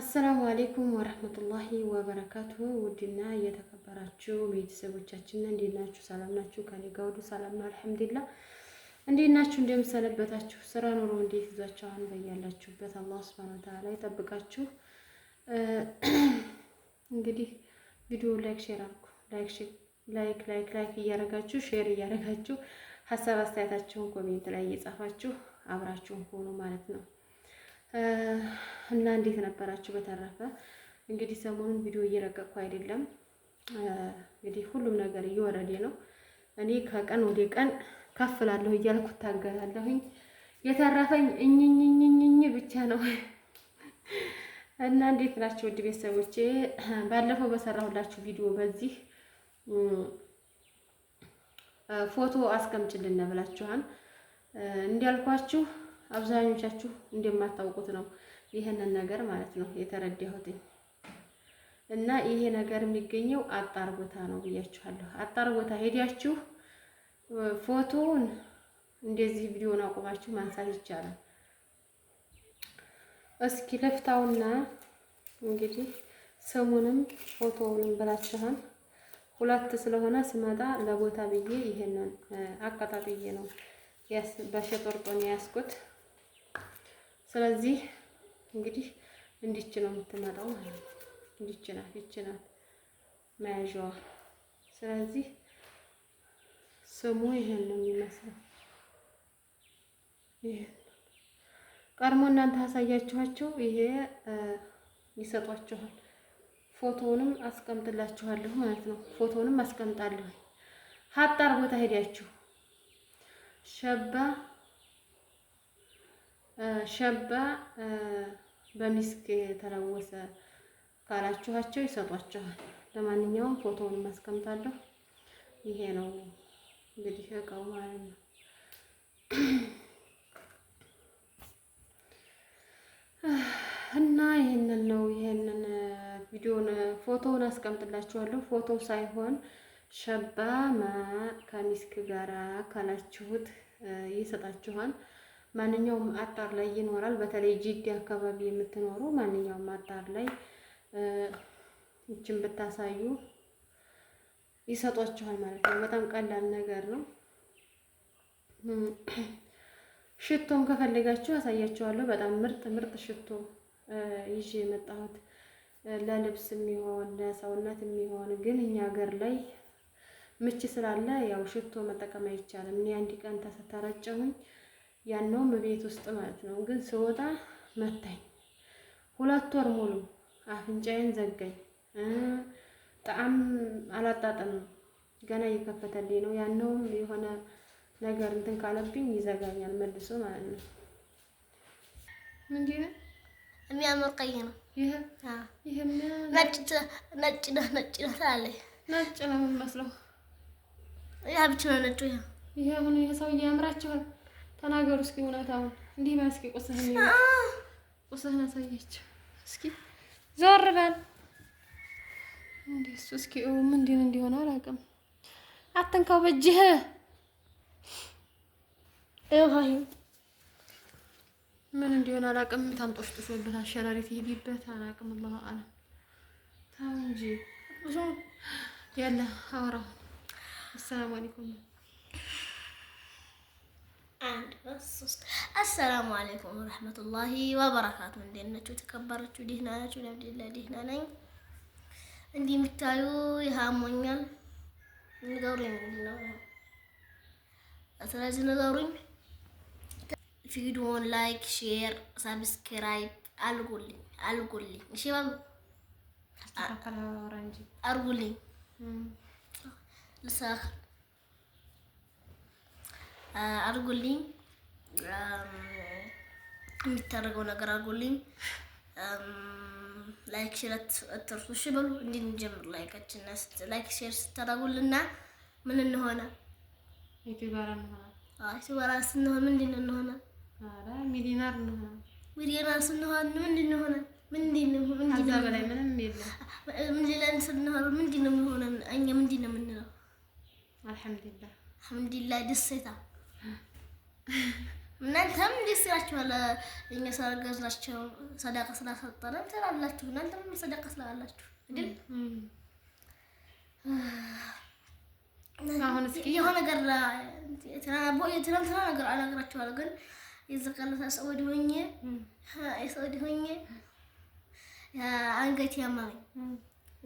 አሰላሙ አሌይኩም ወረህመቱላሂ ወበረካቱ። ውድና እየተከበራችሁ ቤተሰቦቻችን እንዴት ናችሁ? ሰላም ናችሁ? ከኔ ጋር ሁሉ ሰላም ነው፣ አልሐምዱሊላህ። እንዴት ናችሁ? እንደምሰነበታችሁ? ስራ ኑሮ እንዴት ይዟችኋል? በያላችሁበት አላህ ሱብሃነሁ ወተዓላ ይጠብቃችሁ። እንግዲህ ቪዲዮ ላይክ ሼር አድርጉ። ላይክ ላይክ ላይክ እያደረጋችሁ ሼር እያደረጋችሁ ሀሳብ አስተያየታችሁን ኮሜንት ላይ እየጻፋችሁ አብራችሁን ሆኑ ማለት ነው። እና እንዴት ነበራችሁ? በተረፈ እንግዲህ ሰሞኑን ቪዲዮ እየለቀቅኩ አይደለም። እንግዲህ ሁሉም ነገር እየወረደ ነው። እኔ ከቀን ወደ ቀን ከፍ እላለሁ እያልኩ እታገላለሁኝ። የተረፈኝ እኝኝኝኝኝ ብቻ ነው። እና እንዴት ናቸው ውድ ቤተሰቦቼ? ባለፈው በሰራሁላችሁ ቪዲዮ በዚህ ፎቶ አስቀምጭልን ብላችኋል። እንዲያልኳችሁ አብዛኞቻችሁ እንደማታውቁት ነው ይህንን ነገር ማለት ነው የተረዳሁት እና ይሄ ነገር የሚገኘው አጣር ቦታ ነው ብያችኋለሁ። አጣር ቦታ ሄዳችሁ ፎቶውን እንደዚህ ቪዲዮን አቁማችሁ ማንሳት ይቻላል። እስኪ ለፍታውና እንግዲህ ስሙንም ፎቶውንም ብላችኋል። ሁለት ስለሆነ ስመጣ ለቦታ ብዬ ይሄንን አቀጣጥዬ ነው በሸጦርጦን ያስኩት። ስለዚህ እንግዲህ እንዲች ነው የምትመጣው ማለት ነው። እንዲች ናት፣ ይች ናት መያዣዋ። ስለዚህ ስሙ ይሄን ነው የሚመስለው። ይሄን ቀድሞ እናንተ አሳያችኋቸው፣ ይሄ ይሰጧችኋል። ፎቶውንም አስቀምጥላችኋለሁ ማለት ነው። ፎቶውንም አስቀምጣለሁ። ሀጣር ቦታ ሄዳችሁ ሸባ ሸባ በሚስክ የተለወሰ ካላችኋቸው ይሰጧቸዋል። ለማንኛውም ፎቶውን ማስቀምጣለሁ። ይሄ ነው እንግዲህ እቃው ማለት ነው። እና ይህንን ነው ይህንን ቪዲዮን ፎቶውን አስቀምጥላችኋለሁ። ፎቶ ሳይሆን ሸባ ከሚስክ ጋር ካላችሁት ይሰጣችኋል። ማንኛውም አጣር ላይ ይኖራል። በተለይ ጂዲ አካባቢ የምትኖሩ ማንኛውም አጣር ላይ ይችን ብታሳዩ ይሰጧችኋል ማለት ነው። በጣም ቀላል ነገር ነው። ሽቶም ከፈለጋችሁ አሳያችኋለሁ። በጣም ምርጥ ምርጥ ሽቶ ይዤ የመጣሁት ለልብስ የሚሆን ለሰውነት የሚሆን ግን እኛ ሀገር ላይ ምች ስላለ ያው ሽቶ መጠቀም አይቻልም። እኔ አንድ ቀን ያነውም ቤት ውስጥ ማለት ነው። ግን ስወጣ መታኝ። ሁለት ወር ሙሉ አፍንጫዬን ዘጋኝ። ጣዕም አላጣጠምም። ገና እየከፈተልኝ ነው። ያነውም የሆነ ነገር እንትን ካለብኝ ይዘጋኛል መልሶ ማለት ነው። ምንድን ነው የሚያምር ቀይ ነው። ይሄ ይሄ ነጭ ነጭ ነጭ ነጭ ነው የሚመስለው። ያ ብቻ ነው ነጭ። ይሄ ይሄ ሰውዬ ያምራችኋል። ተናገሩ እስኪ እውነታውን። እንዲህ በል እስኪ ቁስህን ቁስህን አሳያቸው እስኪ ዞር በል። እንዴ እስኪ ምንድን እንዲሆነ አላውቅም። አትንካው በእጅህ ይኸው ምን እንዲሆን አላውቅም። ታንጦሽጦሾበት አሸራሪት ይሄድበት አላውቅም። አላሁ አለም። ተው እንጂ ያለ አውራ። አሰላሙ አለይኩም በስ ውስጥ አሰላሙ አለይኩም ወረህመቱላሂ ወበረካቱ። እንዴት ናችሁ? ተከበራችሁ፣ ደህና ናችሁ? ለምድላ ደህና ነኝ። እንዲህ የሚታዩ ይሃሞኛል፣ ንገሩኝ ነው። ስለዚህ ንገሩኝ። ቪዲዮን ላይክ፣ ሼር፣ ሳብስክራይብ አልጉልኝ አልጉልኝ። እሺ አርጉልኝ ልሳክ አርጉልኝ። የሚታረገው ነገር አድርጎልኝ ላይክ ሼር አትርሱ። እሺ በሉ እንድንጀምር ላይካችን ላይክ ሼር ስታደርጉልና ምን እንሆነ ዩቲዩበር እንሆነ ስንሆን ምንድን እንሆነ? አረ ሚሊዮነር እንሆነ። ሚሊዮነር ስንሆን ምንድን እንሆነ? ምንድን ነው ምንድን ነው በላይ ምንድን ስንሆን ምንድን ነው የምንሆነው? እኛ ምንድን ነው የምንለው? አልሐምዱሊላህ አልሐምዱሊላህ ደስታ እናንተም እንዴት ስላችኋል? እኛ ስላገዝናቸው ሰደቃ ስላሰጠነን ትላላችሁ፣ እናንተም ሰደቃ ስላላችሁ አይደል? አሁን እስኪ የሆነ ነገር ትናንትና ነገር አናግራችኋለሁ፣ ግን የዘቀለታ ሰውዲ ሆኜ የሰውዲ ሆኜ አንገት ያማኝ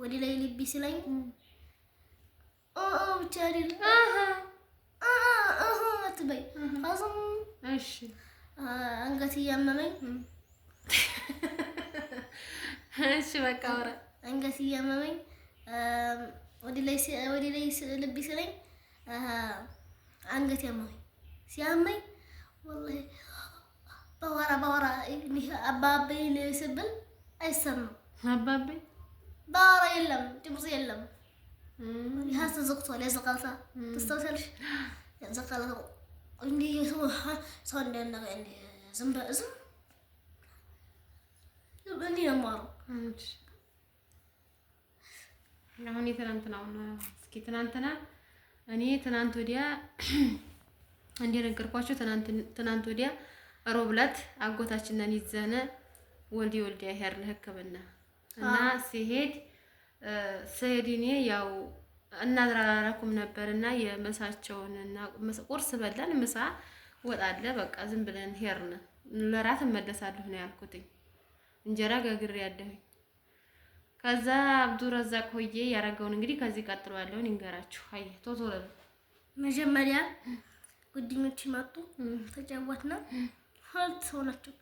ወደ ላይ ልቢ ሲለኝ ብቻ አይደለም እሺ አንገት እያመመኝ እሺ በቃ አውራ አንገት እያመመኝ ወደ ላይ ወደ ላይ ልብ ይስለኝ አንገት ያመመኝ ሲያመኝ ወላሂ በኋላ በኋላ አባቤን ስብል አይሰማም። አባቤ በኋላ የለም ድምፅ የለም። ይህ ተዘግቷል። ያዘቃልታ ተስተውሰልሽ ያዘቃልታ እንዲህ አሁን የትናንትናው እስኪ ትናንትና እኔ ትናንት ወዲያ እንደነገርኳቸው ትናንት ወዲያ ሮብ ዕለት አጎታችንን ይዘነ ወልዲ ወልዲያ ሄድን ሕክምና እና ሲሄድ ስሄድ እኔ ያው እናዝራራኩም ነበር እና የምሳቸውን እና ቁርስ በላን። ምሳ ወጣለ በቃ ዝም ብለን ሄርን። ለራት እመለሳለሁ ነው ያልኩትኝ። እንጀራ ጋግሬ ያለሁኝ። ከዛ አብዱረዛቅ ሆዬ ያረገውን እንግዲህ ከዚህ ቀጥሎ ያለውን ይንገራችሁ። አይ ቶሎ ቶሎ መጀመሪያ ጉድኞች መጡ፣ ነው ሁለት ሰው ናቸው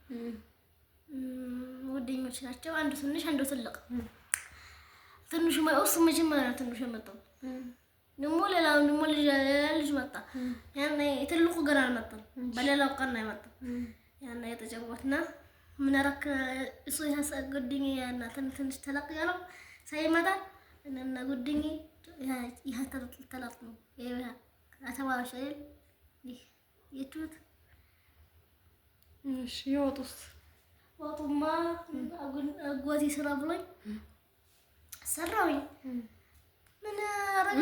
ጉድኞች ናቸው። አንዱ ትንሽ አንዱ ትልቅ። ትንሹ እሱ መጀመሪያ ትንሹ የመጣው ደግሞ ሌላ ደግሞ ልጅ መጣ። ያኔ የትልቁ ገና አልመጣም፣ በሌላው ቀን ነው የመጣው። ያኔ የተጫወትና ምን አደረክ? እሱ ጉድኝ ያና ትንሽ ተለቅ ያለው ሳይመጣ እና ጉድኝ ነው አይደል እሺ ወጡማ አጎቴ ስራ ብሎኝ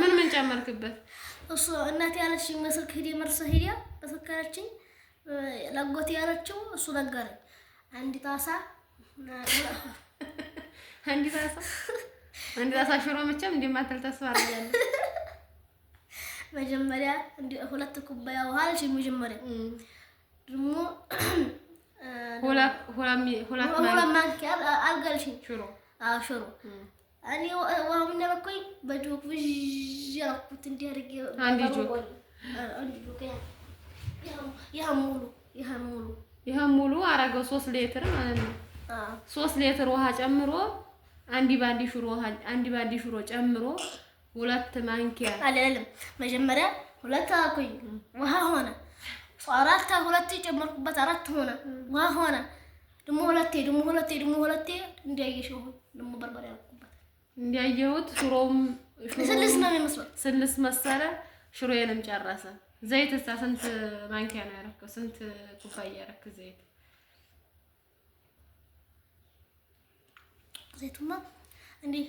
ምን ምን ጨመርክበት? እሱ እናት ያለች ምስክ ሂዲ መርሰ ሂዲያ መሰከረችኝ። ለጎት ያለችው እሱ ነገረኝ። አንዲት አሳ አንዲት አሳ አንዲት አሳ ሽሮ መቼም እንደማትል ተስፋ አደርጋለሁ። መጀመሪያ ሁለት ኩባያ ውሃ አለችኝ። መጀመሪያ ደግሞ ሁለት ሁለት ሁለት ማንኪያ አልጋልሽኝ ሽሮ አዎ ሽሮ እኔ ውሃውን ነበርኩኝ በጆክ ብዥ ያልኩት እንዲያደርግ አንድ ጆክ ይሄን ሙሉ ይሄን ሙሉ አረገው ሶስት ሌትር ማለት ነው። ሶስት ሌትር ውሃ ጨምሮ አንድ ባንዲ ሽሮ ውሃ አንድ ባልዲ ሽሮ ጨምሮ ሁለት ማንኪያ አለለም። መጀመሪያ ሁለት አኩኝ ውሃ ሆነ አራት ሁለቴ ጨመርኩበት አራት ሆነ ውሃ ሆነ ደሞ ሁለቴ ደሞ ሁለቴ ደሞ ሁለቴ እንዲያየሽው ደሞ በርበሬ እንዲያየሁት ሽሮም ስልስ ነው የሚመስለው። ስልስ መሰለ። ሽሮዬንም ጨረሰ። ዘይት እሳ ስንት ማንኪያ ነው ያደረከው? ስንት ኩባያ ያደረክ ዘይት? ዘይቱማ እንዲህ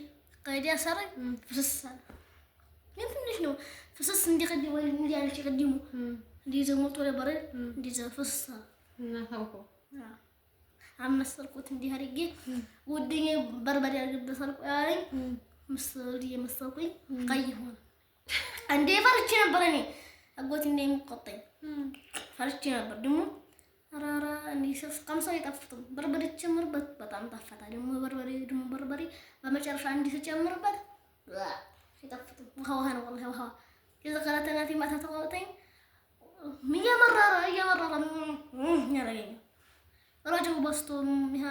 ቀዲ አሰረኝ ፍስስ ግን ትንሽ ነው ፍስስ እንዲህ ቀዲ ወይ እንዲህ ያለች ቀዲሙ እንዲህ ዘሞጦ ለበረ እንዲህ ዘፍስስ እና ታውቆ አመሰልኩት እንዲህ አድርጌ ውድዬ በርበሬ አድርጌበት ሰርቆ ያለኝ ምስል እየመሰልኩኝ ቀይ ሆነ። እንዴ ፈርቼ ነበር እኔ አጎት ፈርቼ ነበር። ደግሞ ራራ እንዲሰፍ ቀምሰው አይጣፍጥም። በርበሬ ትጨምርበት በጣም ጣፈታ። ደግሞ በርበሬ ደግሞ በርበሬ በመጨረሻ እንዲህ ትጨምርበት አይጣፍጥም። ውሃ ውሃ ነው ወላሂ ውሃ ማታ ያረገኛል ረጀው በስቶ ይሄ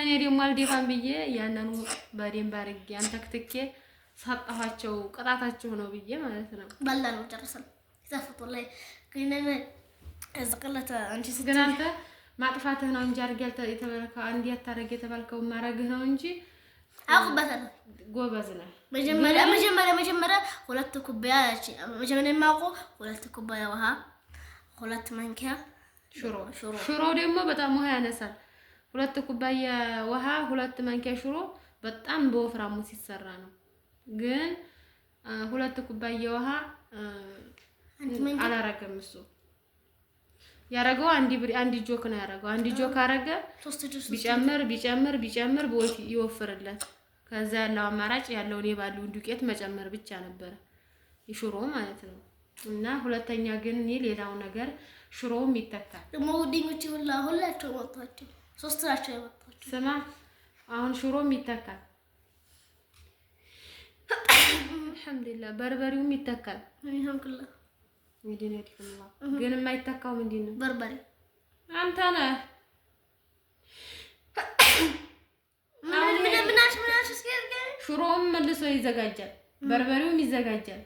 እኔ ደግሞ አልደፋም ብዬ ያንኑ በደንብ አድርጌ አንተክትኬ ሳጣኋቸው ቅጣታቸው ነው ብዬ ማለት ነው። በላ ነው ጨርሰን ይዛፈቶ ላይ ግን እዝቅለት አንቺ ግን አንተ ማጥፋትህ ነው እንጂ አድርጌ የተባልከው አንድ ያታረግ የተባልከው ማረግህ ነው እንጂ አውቅበታለሁ። ጎበዝ ነህ። መጀመሪያ መጀመሪያ መጀመሪያ ሁለት ኩባያ መጀመሪያ የማውቀው ሁለት ኩባያ ውሃ ሁለት ማንኪያ ሽሮ ሽሮ ደግሞ በጣም ውሃ ያነሳል። ሁለት ኩባያ ውሃ፣ ሁለት ማንኪያ ሽሮ በጣም በወፍራሙ ሲሰራ ነው። ግን ሁለት ኩባያ ውሃ አላረገም እሱ ያረገው አንድ ጆክ ነው ያረገው። አንድ ጆክ አረገ ቢጨምር ቢጨምር ቢጨምር ይወፍርለት። ከዛ ያለው አማራጭ ያለውን የባለውን ዱቄት መጨመር ብቻ ነበረ ሽሮ ማለት ነው። እና ሁለተኛ ግን እኔ ሌላው ነገር ሽሮውም ይተካል። ደግሞ ጓደኞቼ ሁላ ሁላቸው መጥቷቸው ሶስት ናቸው ያመጣቸው። ስማ አሁን ሽሮም ይተካል። አልሐምዱሊላህ በርበሬውም ይተካል። አልሐምዱሊላህ ወዲነ ዲክላ ግን የማይተካው ምንድን ነው? በርበሬ አንተ ነህ። ሽሮውም መልሶ ይዘጋጃል፣ በርበሬውም ይዘጋጃል።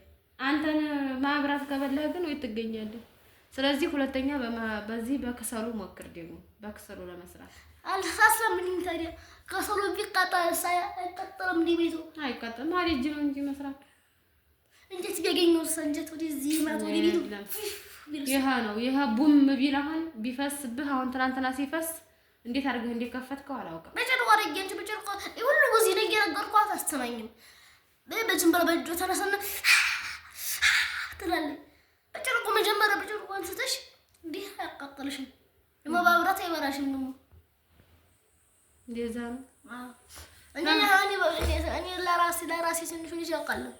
አንተን ማብራት ከበላህ ግን ወይ ትገኛለህ ስለዚህ ሁለተኛ በዚህ በከሰሉ ሞክር። ደግሞ በከሰሉ ለመስራት ምን ታዲያ ከሰሉ ቢቃጠል አይቀጥልም። እንደ ቤቱ አይቀጥልም። አሪ እጅ ነው እንጂ መስራት እንዴት ቢያገኘው እንጀት ወደዚህ ማቶ ወደ ቤቱ ይሄ ነው ይሄ ቡም ቢል አሁን ቢፈስብህ አሁን ትናንትና ሲፈስ እንዴት አድርገህ እንደከፈትከው አላውቅም። በጨርቆ አድርጌ እንጂ በጨርቆ ሁሉ ጊዜ ነገ ነገርኳት አስተማኝም በጅምበር በእጆ ተነሰነ ትላለች አላቃጠልሽም። ደግሞ ባብራት አይበራሽም። ደግሞ እንደዛ ነው እኔ ለራሴ ለራሴ ትንሹ ልጅ ያውቃለሁ።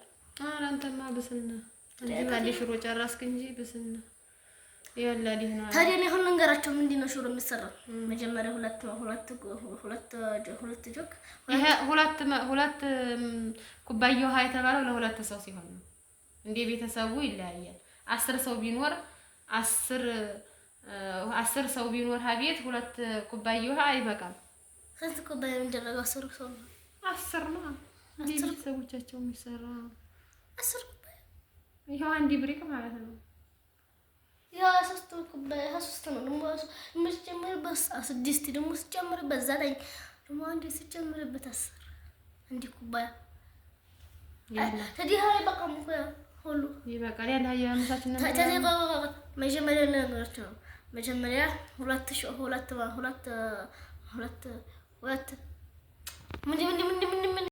አንተማ ብስና እንጂ ሽሮ ጨራስክ እንጂ ብስና ያላል ይሆናል። ታዲያ እኔ አሁን ልንገራቸው ምንድን ነው ሽሮ የሚሰራው? መጀመሪያ ሁለት ሁለት ሁለት ሁለት ጆክ ይሄ ሁለት ሁለት ኩባያ ውሃ የተባለው ለሁለት ሰው ሲሆን ነው። እንደ ቤተሰቡ ይለያያል። አስር ሰው ቢኖር አስር አስር ሰው ቢኖር ቤት ሁለት ኩባያ ውሃ አይበቃም። ስንት ኩባያ የሚደረገው? አስር ሰው አስር ነው። አስር ሰዎቻቸው የሚሰራ አስር ኩባያ ይኸው አንድ ብሪክ ማለት ነው። ያ ሶስት ኩባያ ሶስት ነው ደግሞ የምትጨምርበት ስድስት ደግሞ ስጨምርበት በዛ ላይ ደግሞ አንድ ስጨምርበት አስር አንድ ኩባያ ታዲያ በቃ እኮ ሁሉ ይበቃል። ያለ ሀያ አምሳችን መጀመሪያ ነገሮች ነው መጀመሪያ ሁለት ሁለት ሁለት ሁለት ሁለት